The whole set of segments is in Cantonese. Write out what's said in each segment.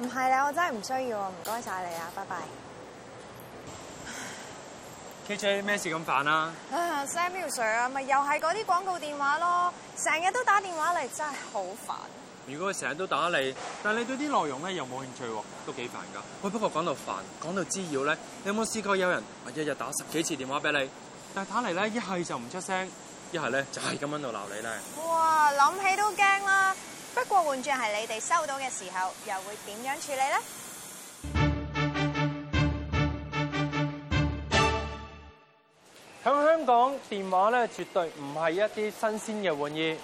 唔係啦，我真係唔需要啊。唔該晒你啊，拜拜。KJ，咩事咁煩啊？Samuel sir 啊，咪又係嗰啲廣告電話咯，成日都打電話嚟，真係好煩。如果佢成日都打你，但係你對啲內容咧又冇興趣，都幾煩噶。喂，不過講到煩，講到滋擾咧，你有冇試過有人一日打十幾次電話俾你？但係打嚟咧，一係就唔出聲，一係咧就係咁樣度鬧你咧。哇，諗起都驚啦！不過換轉係你哋收到嘅時候，又會點樣處理呢？響香港電話咧，絕對唔係一啲新鮮嘅玩意。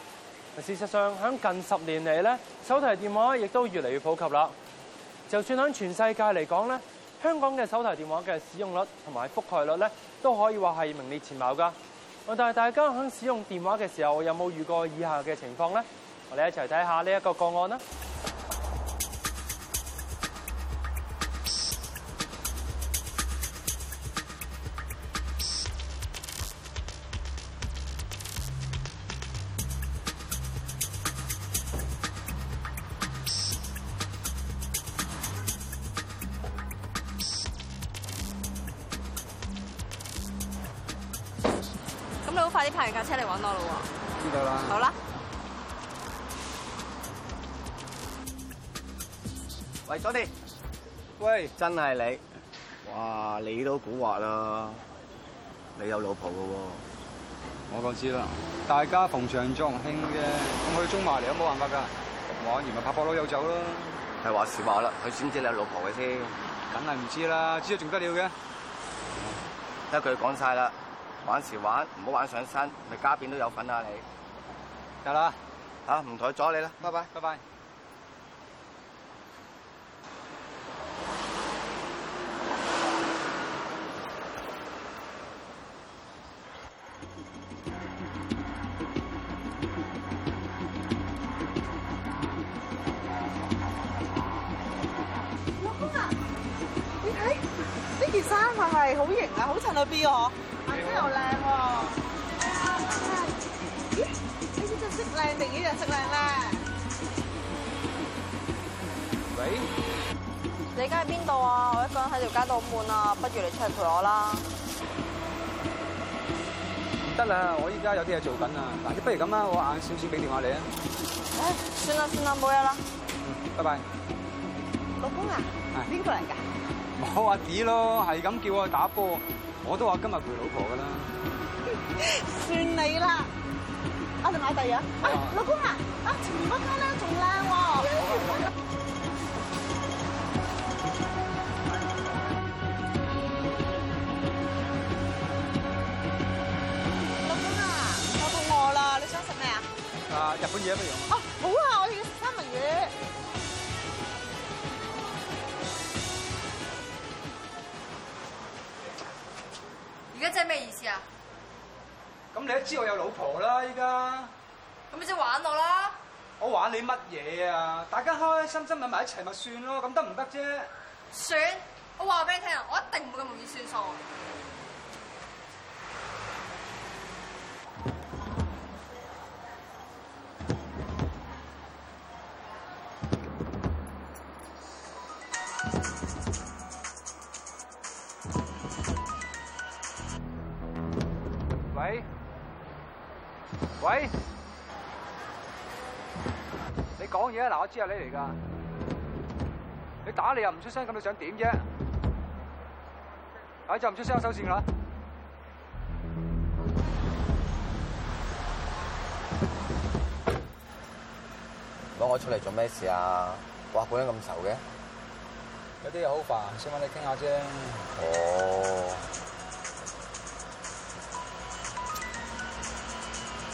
事實上，響近十年嚟咧，手提電話亦都越嚟越普及啦。就算響全世界嚟講咧，香港嘅手提電話嘅使用率同埋覆蓋率咧，都可以話係名列前茅噶。但係大家響使用電話嘅時候，有冇遇過以下嘅情況咧？我哋一齊睇下呢一個個案啦。真係你，哇！你都古惑啦，你有老婆㗎喎，我夠知啦。大家逢場作興嘅，咁去中華嚟都冇辦法噶。玩完咪拍波佬有酒咯。係話時話啦，佢知唔知你有老婆嘅先？梗係唔知啦，知道仲得了嘅。一句講晒啦，玩時玩，唔好玩上身，咪家變都有份啊你。得啦行了、啊，嚇唔台阻你啦，拜拜，拜拜。衫係咪好型啊？好襯到 B 哦，眼睛又靚喎。咦？呢隻色靚定呢隻色靚咧？喂？你而家喺邊度啊？我一個人喺條街度好悶啊，不如你出嚟陪我啦。得啦，我依家有啲嘢做緊啊。嗱，你不如咁啦，我晏少少俾電話你啊。唉，算啦算啦，冇嘢啦。嗯，拜拜。老公啊？係。邊個嚟噶？我阿仔咯，係咁叫我去打波，我都話今日陪老婆噶啦。算你啦，我哋買第二啊！老公啊，全啊前晚嗰張仲靚喎。老公啊，我肚餓啦，你想食咩啊？啊，日本嘢都冇真係咪埋一齊咪算咯，咁得唔得啫？算，我話俾你聽啊，我一定唔會咁容易算數。喂？喂？你講嘢啊！嗱，我知係你嚟噶。佢打你又唔出聲，咁你想點啫？唉，就唔出聲，收線啦。攞我出嚟做咩事啊？哇，點解咁仇嘅？有啲嘢好煩，先揾你傾下啫。哦。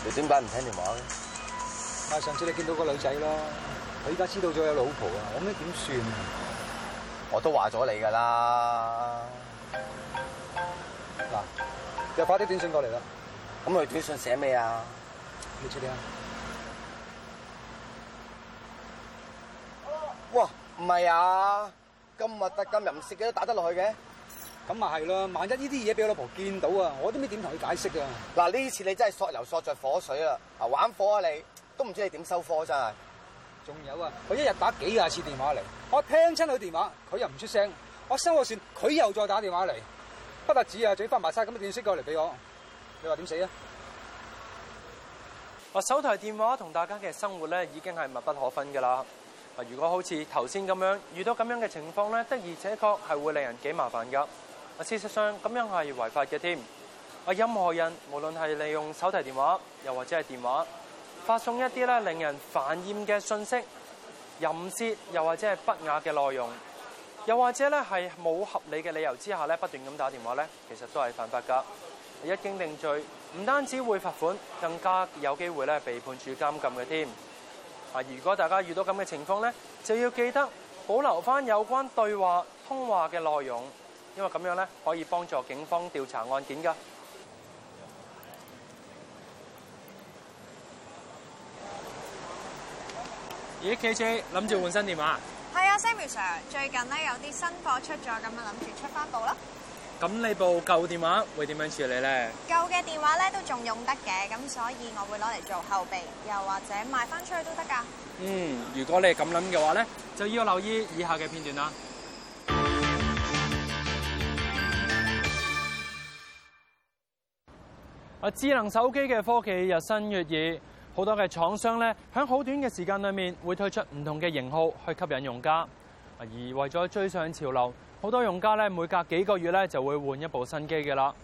你點解唔聽電話咧？啊，上次你見到個女仔咯。我而家知道咗有老婆啊！我唔知點算。我都話咗你噶啦。嗱，又發啲短信過嚟啦。咁佢短信寫咩啊？你出嚟啊！哇，唔係啊！咁核突咁淫褻嘅都打得落去嘅。咁咪係咯，萬一呢啲嘢俾我老婆見到啊，我都唔知點同佢解釋啊。嗱，呢次你真係索油索着火水啦！啊玩火啊你，都唔知你點收火真係。仲有啊！我一日打幾廿次電話嚟，我聽親佢電話，佢又唔出聲。我收咗線，佢又再打電話嚟，不得止啊！嘴發埋晒咁嘅短訊過嚟俾我，你話點死啊？啊，手提電話同大家嘅生活咧已經係密不可分噶啦。如果好似頭先咁樣遇到咁樣嘅情況咧，的而且確係會令人幾麻煩噶。啊，事實上咁樣係違法嘅添。啊，任何人無論係利用手提電話又或者係電話。發送一啲咧令人煩厭嘅訊息、淫褻又或者係不雅嘅內容，又或者咧係冇合理嘅理由之下咧不斷噉打電話咧，其實都係犯法㗎。一經定罪，唔單止會罰款，更加有機會咧被判處監禁嘅添。啊！如果大家遇到噉嘅情況咧，就要記得保留返有關對話、通話嘅內容，因為噉樣咧可以幫助警方調查案件㗎。咦，K J 諗住換新電話？係啊，嗯，Samuel Sir，最近咧有啲新貨出咗，咁啊諗住出翻部咯。咁你部舊電話會點樣處理咧？舊嘅電話咧都仲用得嘅，咁所以我會攞嚟做後備，又或者賣翻出去都得噶。嗯，如果你係咁諗嘅話咧，就要留意以下嘅片段啦。啊，智能手機嘅科技日新月異。好多嘅廠商咧，喺好短嘅時間裏面會推出唔同嘅型號去吸引用家。而為咗追上潮流，好多用家咧每隔幾個月咧就會換一部新機嘅啦。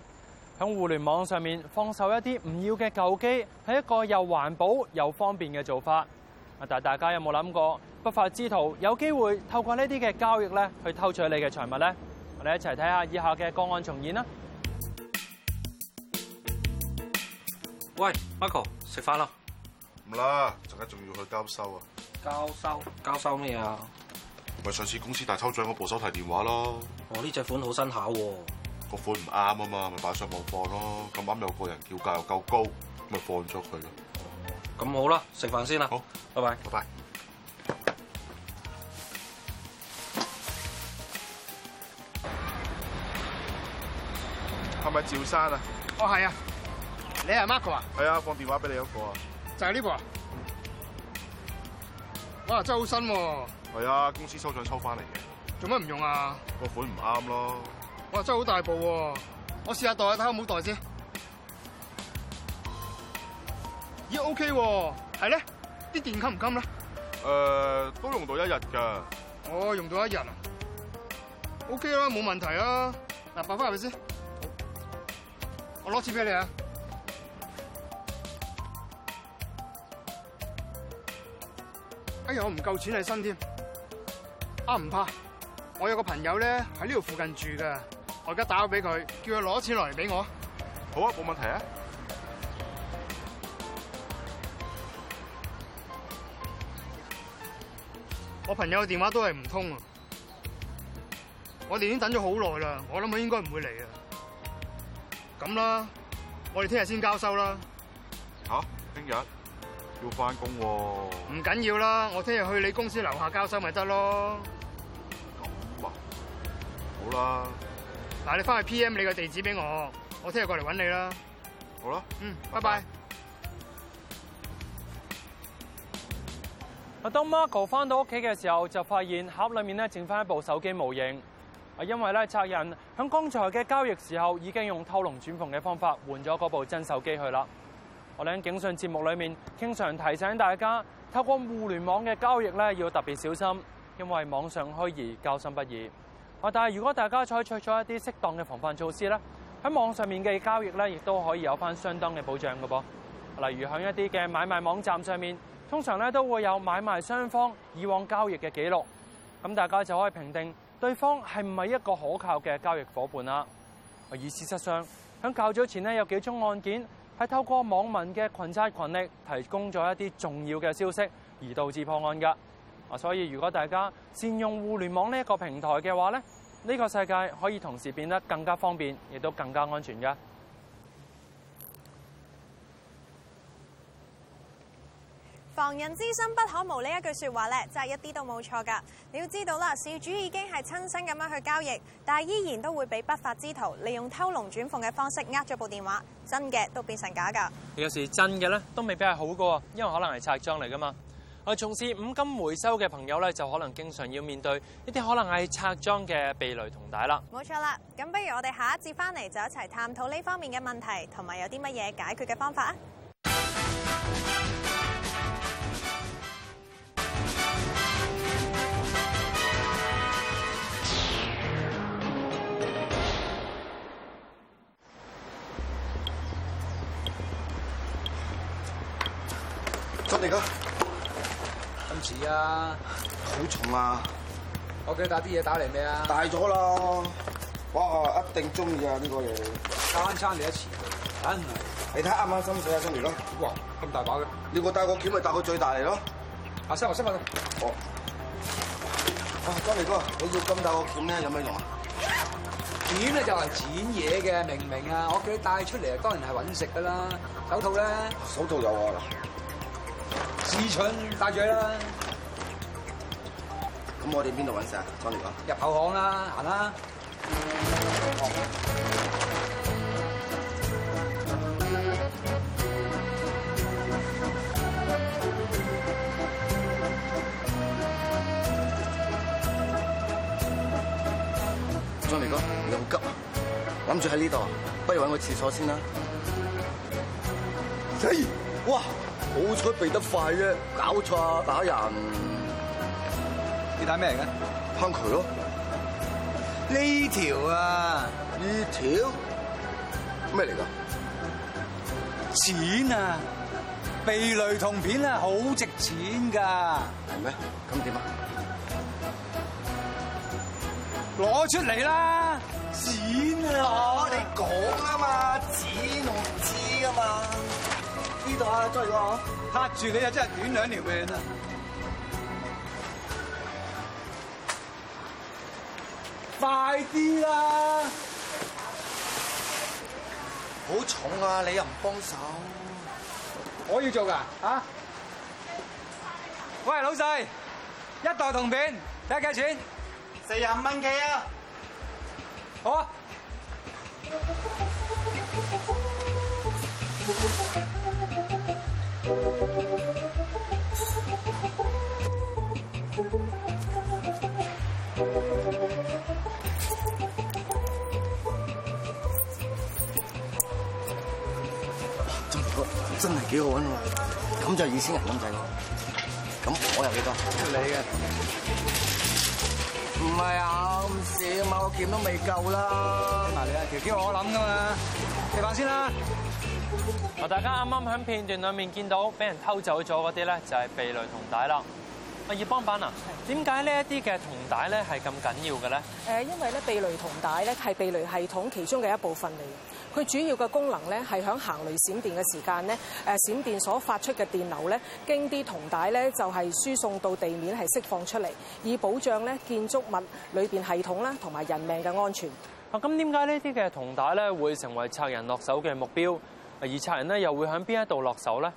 喺互聯網上面放售一啲唔要嘅舊機，係一個又環保又方便嘅做法。但係大家有冇諗過不法之徒有機會透過呢啲嘅交易咧去偷取你嘅財物咧？我哋一齊睇下以下嘅個案重現啦。喂，Michael，食飯啦！唔啦，陣間仲要去交收啊！交收，交收咩啊？咪上次公司大抽獎我部手提電話咯。哦，呢隻款好新巧。個款唔啱啊嘛，咪擺上網放咯。咁啱有個人叫價又夠高，咪放咗佢咯。咁好啦，食飯先啦。好，拜拜。拜拜。係咪趙生啊？哦，係啊。你係 Marco 啊？係啊，放電話俾你嗰個啊。就係呢部啊！哇，真係好新喎、啊！係啊，公司抽獎抽翻嚟嘅。做乜唔用啊？個款唔啱咯。哇，真係好大部喎、啊！我試下袋下，睇下有冇袋先。咦，OK 喎、啊。係咧，啲電襟唔襟咧？誒、呃，都用到一日噶。我用到一日？OK 啦、啊，冇問題啊。嗱，擺返入嚟先！我攞錢俾你啊。我唔夠錢喺身添啊！唔怕，我有個朋友咧喺呢度附近住㗎，我而家打咗俾佢，叫佢攞錢落嚟俾我。好啊，冇問題啊。我朋友嘅電話都係唔通啊！我哋已經等咗好耐啦，我諗佢應該唔會嚟啊。咁啦，我哋聽日先交收啦。好，聽日。要翻工喎，唔緊要啦，我聽日去你公司樓下交收咪得咯。咁啊，好啦，嗱你翻去 PM 你個地址俾我，我聽日過嚟揾你啦。好啦吧，嗯，拜拜。啊拜，當 Marco 翻到屋企嘅時候，就發現盒裏面咧剩翻一部手機模型。啊，因為咧，賊人響剛才嘅交易時候已經用偷龍轉鳳嘅方法換咗嗰部真手機去啦。我哋喺警訊節目裏面經常提醒大家，透過互聯網嘅交易咧，要特別小心，因為網上虛擬交心不易。啊，但係如果大家採取咗一啲適當嘅防範措施咧，喺網上面嘅交易咧，亦都可以有翻相當嘅保障㗎噃。例如喺一啲嘅買賣網站上面，通常咧都會有買賣雙方以往交易嘅記錄，咁大家就可以評定對方係唔係一個可靠嘅交易夥伴啦。而事實上，喺較早前呢，有幾宗案件。係透過網民嘅群策群力，提供咗一啲重要嘅消息，而導致破案㗎。啊，所以如果大家善用互聯網呢一個平台嘅話咧，呢個世界可以同時變得更加方便，亦都更加安全㗎。防人之心不可無呢一句說話咧，真係一啲都冇錯噶。你要知道啦，事主已經係親身咁樣去交易，但係依然都會俾不法之徒利用偷龍轉鳳嘅方式呃咗部電話，真嘅都變成假噶。有時真嘅咧，都未必係好噶，因為可能係拆裝嚟噶嘛。我從事五金回收嘅朋友咧，就可能經常要面對一啲可能係拆裝嘅避雷銅帶啦。冇錯啦，咁不如我哋下一節翻嚟就一齊探討呢方面嘅問題，同埋有啲乜嘢解決嘅方法啊？今次啊，好重啊！我記得帶啲嘢帶嚟未啊？帶咗啦！哇，一定中意啊呢個嘢！單餐你一次，啊！你睇啱唔啱心水啊，兄弟咯！哇，咁大把嘅！你個帶個鉗咪帶佢最大嚟咯！啊，師傅，師傅，哦！啊，兄哥，你個咁大個鉗咩？有咩用啊？鉗咧就係剪嘢嘅，明唔明啊？我叫你帶出嚟，當然係揾食噶啦。手套咧？手套有啊。自蠢大嘴啦！咁我哋邊度揾食啊？張力哥，入口巷啦，啊，行啦。張力哥，你好急啊！諗住喺呢度，不如揾個廁所先啦。咦，哎？哇！好彩避得快啫，搞錯打人。你打咩嚟嘅？坑渠咯。呢條啊，呢條咩嚟噶？錢啊，避雷同片啊，好值錢噶。係咩？咁點啊？攞出嚟啦，錢啊！我你講啊嘛，錢、啊。呢度啊，再我嗬！嚇住你啊，你真係短兩條命啊！快啲啦！好重啊，你又唔幫手、啊，我要做㗎啊喂，老細，一代同片，睇下幾錢？四十五蚊幾啊？好啊！真係個，真係幾好揾㗎，咁就二千銀咁滯咯。咁我有幾多？你嘅？唔係啊，咁少嘛，我撿都未夠啦。嗱，你啊，條條我諗噶嘛，食飯先啦。大家啱啱喺片段裏面見到俾人偷走咗嗰啲咧，就係避雷銅帶啦。啊，葉幫辦啊，點解呢一啲嘅銅帶咧係咁緊要嘅咧？誒，因為咧避雷銅帶咧係避雷系統其中嘅一部分嚟嘅。佢主要嘅功能咧係喺行雷閃電嘅時間咧，誒閃電所發出嘅電流咧，經啲銅帶咧就係輸送到地面係釋放出嚟，以保障咧建築物裏邊系統啦同埋人命嘅安全。啊，咁點解呢啲嘅銅帶咧會成為賊人落手嘅目標？而賊人咧又會喺邊一度落手咧？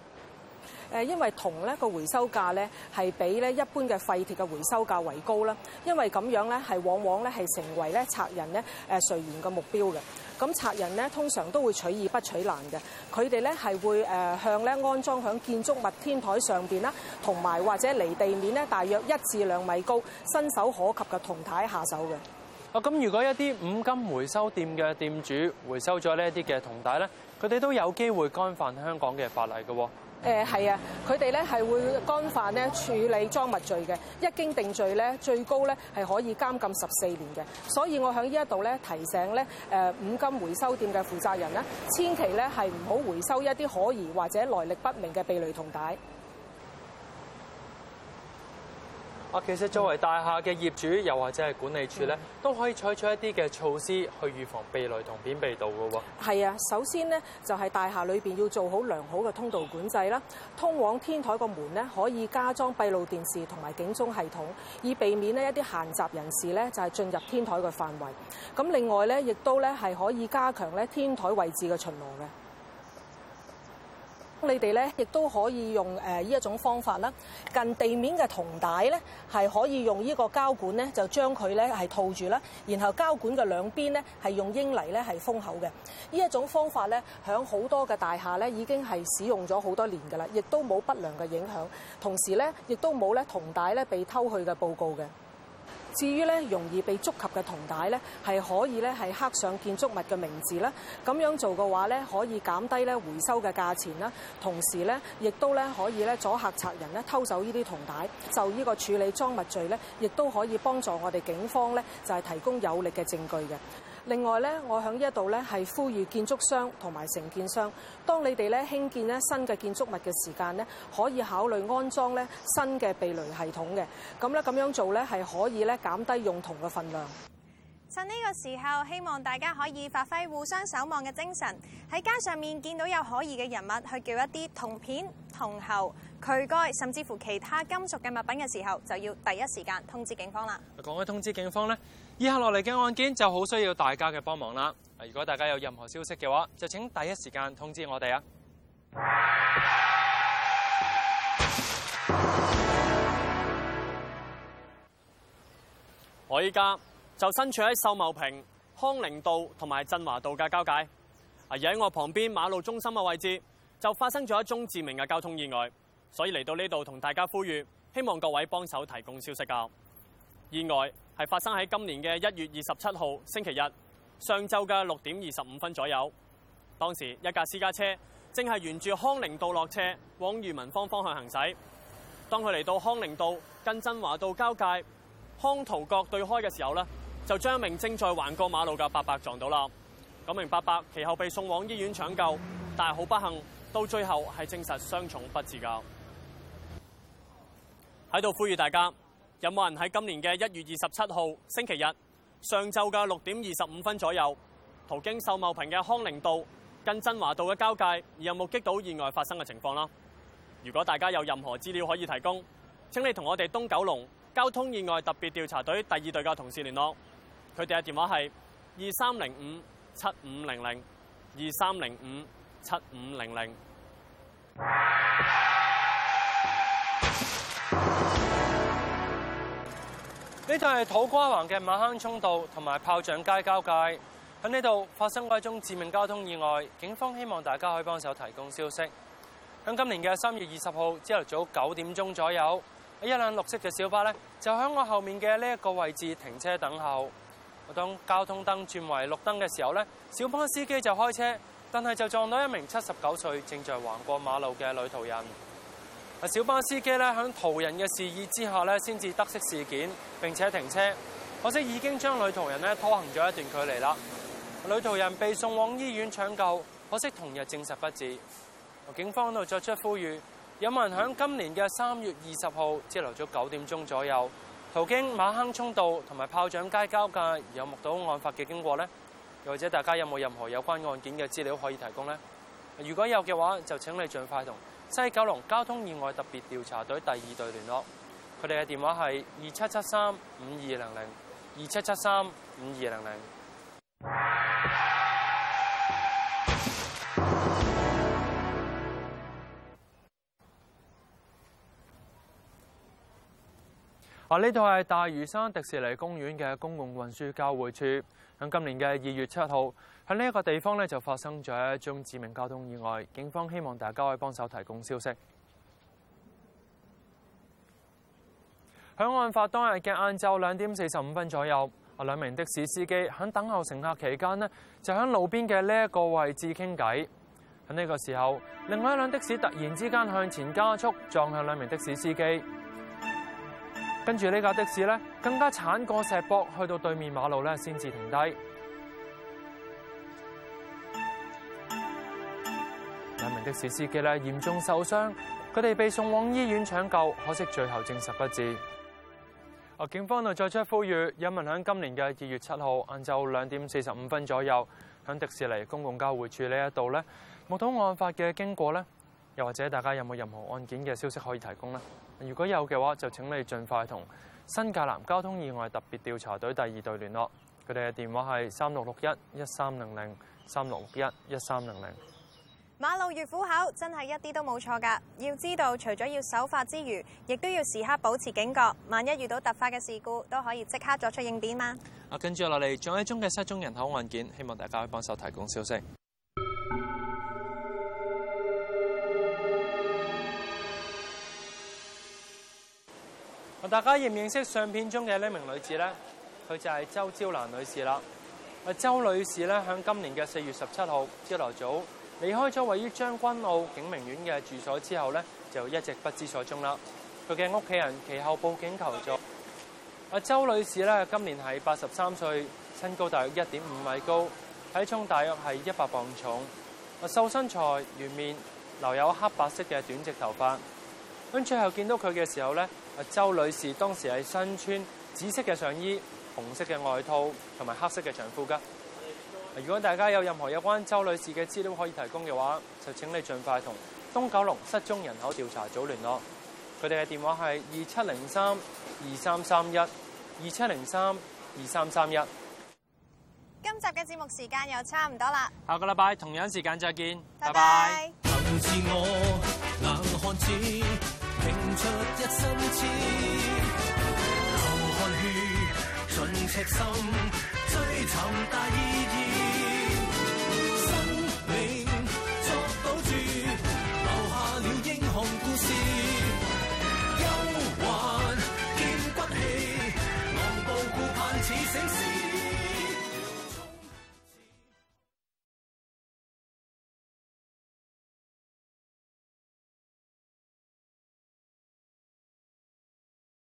誒，因為銅咧個回收價咧係比咧一般嘅廢鐵嘅回收價為高啦。因為咁樣咧係往往咧係成為咧賊人咧誒垂涎嘅目標嘅。咁賊人咧通常都會取易不取難嘅，佢哋咧係會誒向咧安裝喺建築物天台上邊啦，同埋或者離地面咧大約一至兩米高伸手可及嘅銅帶下手嘅。啊，咁如果一啲五金回收店嘅店主回收咗呢一啲嘅銅帶咧？佢哋都有機會干犯香港嘅法例嘅喎、哦呃。誒係啊，佢哋咧係會干犯咧處理贓物罪嘅，一經定罪咧最高咧係可以監禁十四年嘅。所以我喺呢一度咧提醒咧誒、呃、五金回收店嘅負責人咧，千祈咧係唔好回收一啲可疑或者來歷不明嘅避雷銅帶。其實作為大廈嘅業主，又或者係管理處呢，都可以採取一啲嘅措施去預防避雷同騙被盜嘅喎。係啊，首先呢，就係、是、大廈裏邊要做好良好嘅通道管制啦。通往天台個門呢，可以加裝閉路電視同埋警鐘系統，以避免呢一啲閒雜人士呢就係進入天台嘅範圍。咁另外呢，亦都呢係可以加強呢天台位置嘅巡邏嘅。你哋咧，亦都可以用誒呢一種方法啦，近地面嘅銅帶咧，係可以用呢個膠管咧就將佢咧係套住啦，然後膠管嘅兩邊咧係用英泥咧係封口嘅。呢一種方法咧響好多嘅大廈咧已經係使用咗好多年㗎啦，亦都冇不良嘅影響，同時咧亦都冇咧銅帶咧被偷去嘅報告嘅。至於咧，容易被觸及嘅銅帶咧，係可以咧係刻上建築物嘅名字啦。咁樣做嘅話咧，可以減低咧回收嘅價錢啦。同時咧，亦都咧可以咧阻嚇賊人咧偷走呢啲銅帶，就呢個處理贓物罪咧，亦都可以幫助我哋警方咧，就係提供有力嘅證據嘅。另外咧，我喺呢一度咧，係呼籲建築商同埋承建商，當你哋咧興建咧新嘅建築物嘅時間咧，可以考慮安裝咧新嘅避雷系統嘅。咁咧咁樣做咧，係可以咧減低用銅嘅分量。趁呢個時候，希望大家可以發揮互相守望嘅精神，喺街上面見到有可疑嘅人物，去叫一啲銅片、銅喉、渠蓋，甚至乎其他金屬嘅物品嘅時候，就要第一時間通知警方啦。講開通知警方咧。以下落嚟嘅案件就好需要大家嘅幫忙啦！如果大家有任何消息嘅話，就請第一時間通知我哋啊！我依家就身處喺秀茂坪康寧道同埋振華道嘅交界，而喺我旁邊馬路中心嘅位置就發生咗一宗致命嘅交通意外，所以嚟到呢度同大家呼籲，希望各位幫手提供消息啊意外。係發生喺今年嘅一月二十七號星期日上晝嘅六點二十五分左右。當時一架私家車正係沿住康寧道落車往裕民坊方,方向行駛。當佢嚟到康寧道跟振華道交界康圖閣對開嘅時候呢就將一名正在橫過馬路嘅伯伯撞到啦。嗰名伯伯其後被送往醫院搶救，但係好不幸，到最後係證實傷重不治交。喺度呼籲大家。有冇人喺今年嘅一月二十七號星期日上晝嘅六點二十五分左右，途經秀茂坪嘅康寧道跟振華道嘅交界，而有目擊到意外發生嘅情況啦？如果大家有任何資料可以提供，請你同我哋東九龍交通意外特別調查隊第二隊嘅同事聯絡，佢哋嘅電話係二三零五七五零零二三零五七五零零。 呢度係土瓜灣嘅馬坑涌道同埋炮仗街交界，喺呢度發生過一宗致命交通意外，警方希望大家可以幫手提供消息。喺今年嘅三月二十號朝頭早九點鐘左右，一輛綠色嘅小巴呢就喺我後面嘅呢一個位置停車等候。當交通燈轉為綠燈嘅時候呢，小巴司機就開車，但係就撞到一名七十九歲正在橫過馬路嘅女途人。小巴司機咧喺途人嘅示意之下咧，先至得悉事件並且停車，可惜已經將女途人拖行咗一段距離啦。女途人被送往醫院搶救，可惜同日證實不治。警方度作出呼籲：有冇人喺今年嘅三月二十號，即留咗九點鐘左右，途經馬頭涌道同埋炮仗街交界，而有目睹案發嘅經過呢？又或者大家有冇任何有關案件嘅資料可以提供呢？如果有嘅話，就請你盡快同西九龍交通意外特別調查隊第二隊聯絡，佢哋嘅電話係二七七三五二零零，二七七三五二零零。啊！呢度係大嶼山迪士尼公園嘅公共運輸交匯處。喺今年嘅二月七號，喺呢一個地方呢就發生咗一宗致命交通意外。警方希望大家可以幫手提供消息。喺案發當日嘅晏晝兩點四十五分左右，啊，兩名的士司機喺等候乘客期間呢，就喺路邊嘅呢一個位置傾偈。喺呢個時候，另外一輛的士突然之間向前加速，撞向兩名的士司機。跟住呢架的士咧，更加鏟過石壆去到對面馬路咧，先至停低。兩名的士司機咧嚴重受傷，佢哋被送往醫院搶救，可惜最後證實不治。啊，警方就再出呼籲，有聞響今年嘅二月七號晏晝兩點四十五分左右，響迪士尼公共交匯處呢一度咧，目睹案發嘅經過咧。又或者大家有冇任何案件嘅消息可以提供呢？如果有嘅話，就請你盡快同新界南交通意外特別調查隊第二隊聯絡，佢哋嘅電話係三六六一一三零零三六六一一三零零。馬路如虎口，真係一啲都冇錯噶。要知道，除咗要守法之餘，亦都要時刻保持警覺，萬一遇到突發嘅事故，都可以即刻作出應變嘛。啊，跟住落嚟，仲有一宗嘅失蹤人口案件，希望大家可以幫手提供消息。大家認唔認識相片中嘅呢名女子呢？佢就係周招蘭女士啦。阿周女士呢響今年嘅四月十七號朝頭早離開咗位於將軍澳景明苑嘅住所之後呢，就一直不知所蹤啦。佢嘅屋企人其後報警求助。嗯、阿周女士呢，今年係八十三歲，身高大約一點五米高，體重大約係一百磅重，瘦身材、圓面，留有黑白色嘅短直頭髮。咁最後見到佢嘅時候咧，周女士當時係身穿紫色嘅上衣、紅色嘅外套同埋黑色嘅長褲㗎。如果大家有任何有關周女士嘅資料可以提供嘅話，就請你盡快同東九龍失蹤人口調查組聯絡。佢哋嘅電話係二七零三二三三一二七零三二三三一。31，今集嘅節目時間又差唔多啦，下個禮拜同樣時間再見，拜拜。出一身痴，流汗血，盡赤心，追尋大義。